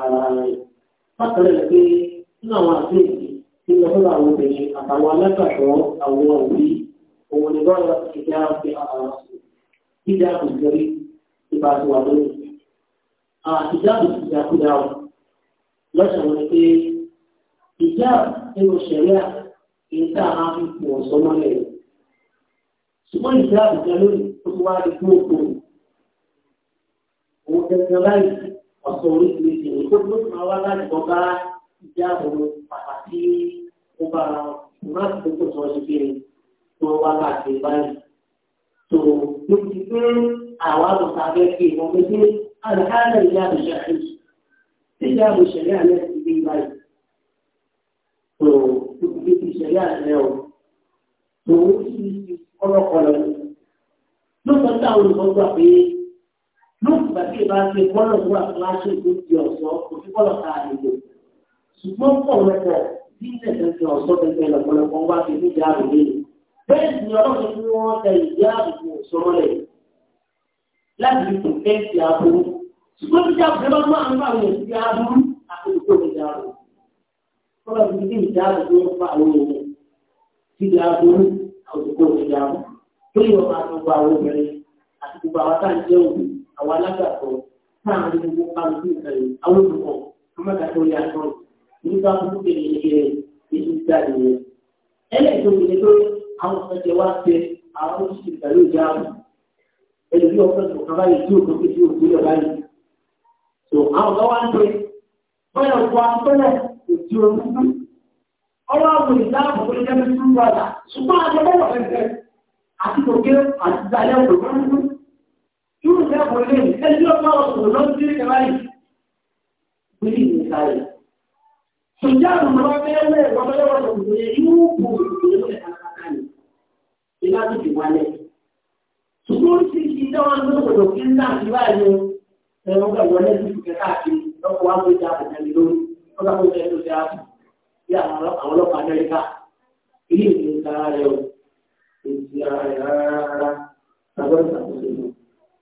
ara rẹ̀. Bákan náà pé nínú àwọn àdéhùn tí lọ sọ́dọ̀ àwọn obìnrin àtàwọn alákàtọ́ àwọn òbí òun ni bọ́ọ̀ lọ sí ìdá àti àwọn ìdá àbùsọ̀rí ìbá ti wà lórí. Ìdá àbùsọ̀rí àkúdà ọ̀ lọ́sàn-án wọn ni pé ìdá nínú ṣẹ̀ríà èyí tá a máa ọ̀sán mọ́lẹ̀ rẹ̀. Ṣùgbọ́n ìdá àbùsọ̀rí lórí ó ti wá di kúrò kúrò. Òun tẹ̀sán láìsí ọ̀sẹ̀ oríṣiríṣi èyí tó ló máa wá láti lọ bá ìjà àwọn pàtàkì ó bá ara wọn ìmọ̀ àti tó sọ ṣe kéré tó wá káàkiri báyìí. tó o ti pé àwa lọ sábẹ́ kí wọ́n fi dé àlùkálẹ̀ ìjà àbùṣà yìí tí ìjà àbùṣà yìí ti dé báyìí. tó o ti fi ti ṣẹlẹ̀ àlẹ́ o tó o ti fi ọlọ́kọlọ́ ló sọ sí àwọn olùkọ́ gbà pé lóògbà tí ìbá ti bọ́lọ̀ wà láṣẹ ìgbésí ọ̀sọ́ òfin bọ́lọ̀ ká àlejò ṣùgbọ́n pọ̀lọpọ̀ bí ìṣẹ̀lẹ̀ ti ọ̀sọ́ gẹ́gẹ́ lọ́pọ̀lọpọ̀ wá sí ní ìjà àrùn lẹ́yìn bẹ́ẹ̀ ni ọlọ́run fún wọn tẹ ìjà àrùn òṣòro rẹ̀ láti fi kẹ́ǹtì aburú ṣùgbọ́n ìjà àrùn bá máa ń bá àwọn èsì aburú àti ìkó ìjà àrùn kọ́lá fi ní ìjà àrùn tó ń fa àwọn èèyàn sí ìjà aburú àti ìkó ìjà àrùn tó yọ máa tó gba àwọn obìnrin àti gbogbo àwọn táà ń jẹ́ òbí àwọn alágbàtọ́ táwọn gbogbo kálukú ìkàlẹ̀ àwọn olùkọ́ amẹ́kàtọ́ yà sọ nípa kúkú kẹlẹ̀ yẹ èyí gbà nìyẹn. ẹlẹ́gbẹ̀rún ni pé àwọn ọ̀sẹ̀ wá ṣe àwọn oṣù pẹ̀lú ìjà àwọn ẹlẹ́bí ọ̀sẹ̀ tó kaba yìí tí òkè tí òkè yọ̀ láyé. tó àwọn kan wá ń pè bọ́yọ̀ kó afẹ́lẹ̀ òtí orúkú ọwọ́ àwọn ìdáàbò tó lé jẹ́ kẹ́kọ̀ọ́ ilé yìí ẹni tó máa sọ̀rọ̀ lọ́dún sí ìkẹ́lá yìí gbélé ní sáré ṣùgbọ́n àwọn ọmọ akẹ́lẹ́ ìwọ́pẹ́lẹ́wọ́ sọ̀rọ̀ yóò bò ìgbésẹ̀ àkàkà ní ilá tó ti wálẹ̀ ṣùgbọ́n sí ti dáwọn lọ́sọ̀rọ̀ kí ń dà sí báyìí ẹ̀rọ gbà wọlé sí ìkẹ́ káàkiri lọ́kọ̀ ọlọ́pàá Amẹ́ríkà ilé ìgbésẹ̀ ara rẹ̀ ò èsì ara rẹ̀ rárá rárá tàbí ọ̀sán tó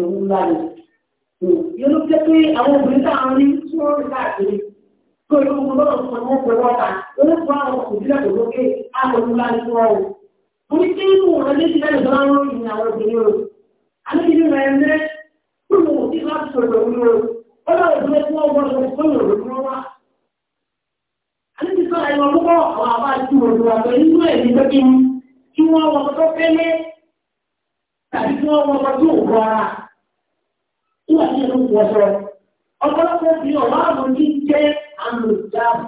ewu ńlá ni. yóò ló jẹ́ pé àwọn obìnrin tá a rí tí wọ́n rí káàkiri tó ìlú ogun lọ́dọ̀ tó wọ́n pè wọ́n ta olóògùn àwọn òbílẹ̀ kò lókè àwọn ńlá ni wọ́n o. mo ní kí nínú ọ̀rẹ́ méjì náà lọ́wọ́ ń ròyìn àwọn obìnrin o. àlejò rẹ̀ ń rẹ́ kó lóun ò sí láti sọ̀rọ̀ òun o. ó lọ́wọ́ ìdílé tí wọ́n wọ́n lọ fún ìròyìn wọn wá. àlejò sọ̀rọ̀ ẹ̀rọ tàbí kí wọ́n wọ́n tó rọ ara tí wà ní ẹnu wọ̀ sọ. ọ̀pọ̀lọpọ̀ bí ọ̀rọ̀ àwọn ní jẹ́ àmọ̀jáde.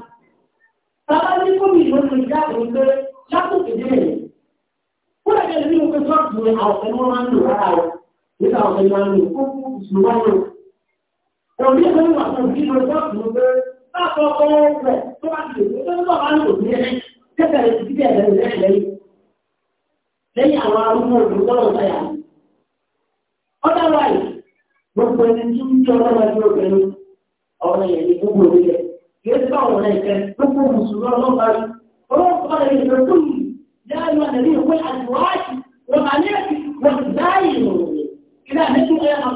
bàbá ní gómìnà olùjáde ń pé lákòókò bẹ́ẹ̀. wọ́n lè ní oṣù sọ́ọ̀tù àwọn ọ̀sẹ̀ ni wọ́n máa ń lò rárá o. nígbà ọ̀sẹ̀ ni wọ́n lò lò. fún òbí rẹ̀ tó ní ẹ̀ lẹ́yìn otherwise gbogbo ẹni tí ń jẹ́ ọlọ́wọ́ ẹgbẹ́ obìnrin ọ̀rọ̀ yẹn ní gbogbo orílẹ̀ yóò tí báwọn ọ̀rẹ́ ìfẹ́ gbogbo mùsùlùmí ọlọ́pàá rí ọlọ́pàá rẹ̀ ìfẹ́ tó yìí dáàlú àdàbí ìwé àdìwáàdì wọn máa ní ẹ̀sìn wọn ti dáàyè ìròyìn ilé àdéjú ẹ̀yà máa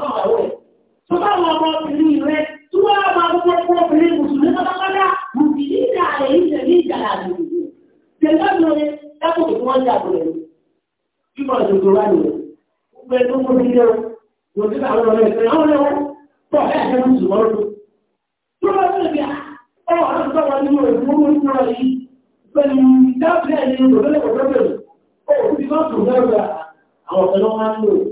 fọwọ́ àwọ̀ 我知道了，然后呢，到海边去玩去，做到这边，到晚上到晚上我不会做了一，本家边的我跟我哥哥，哦，我地方住那个，然后跟我妈住，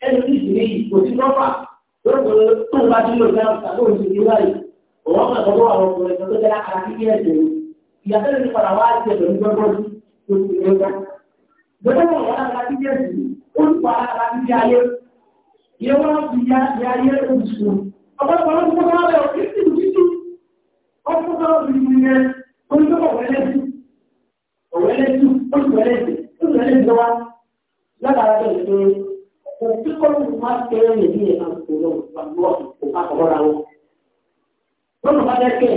哎，你几年我地方吧，我我东八区有这样三个人住那里，我妈妈说我我我给他喊去接去，也是你把他挖去，人家过去就是那个，我跟我妈妈去接去，我把他去接去。yẹ wọ́n fi ya ń kó bá rẹ̀ òkè sí sí kọ́lù má kéré nìyí ẹ̀ bá kọ̀ lọ́ra wọn. ní jẹ́ kó tó wọ́n bá dẹ́ kẹ́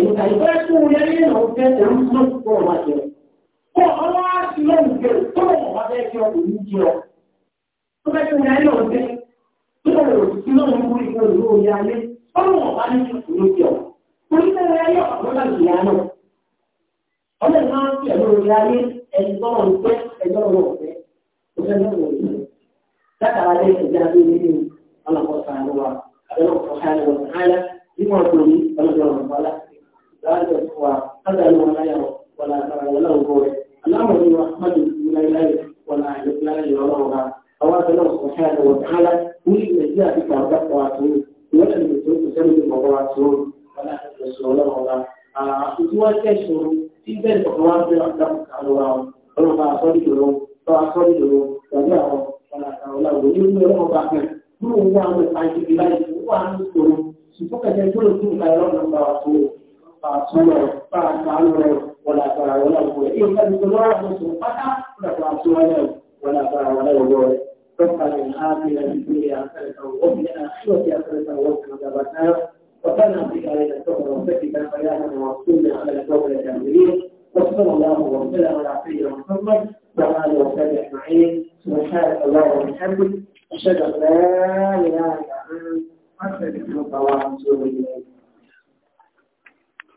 ọkùnrin jẹ́ ọ lò ọlọ́run ọ̀bá ní ìlú ti ọ̀ torí tẹ́lẹ̀ ayé ọ̀pọ̀ náà ti yá náà ọlọ́run máa ń fi ẹ̀rọ omi ayé ẹni tọ́lọ̀ ń pẹ́ ẹjọ́ ọ̀rọ̀ ọ̀fẹ́ ọjọ́ náà wọ̀ yìí látara lé ẹ̀jẹ̀ abé nínú أولا الله سبحانه وتعالى ويجب أن يجب أن تعرض وعطول ولا يجب أن تسمي وعطول ولا تسمي ولا أتوا كشور في بين قوات الأقدام كانوا ولا ما أصلي لهم ما أصلي لهم ولا هم ولا ولا ويجب أن يهم بعدين كل هو عم يعيش في بلاد هو عم يسكن سبحانه وتعالى كل كل كلام وعطول وعطول وعطول ولا ترى ولا هو إيه كان يقول الله سبحانه وتعالى ولا ترى ولا هو ربنا للآخرة في آخرة وفي الآخرة آخرة وفي عذاب وكان بك علينا الصبر وسكت بيانا وصولنا على القول الكاملين وصلى الله وسلم على سيدنا محمد وعلى اله وصحبه أجمعين سبحانك اللهم وبحمدك أشهد أن لا إله إلا أنت أستغفرك وأتوب إليك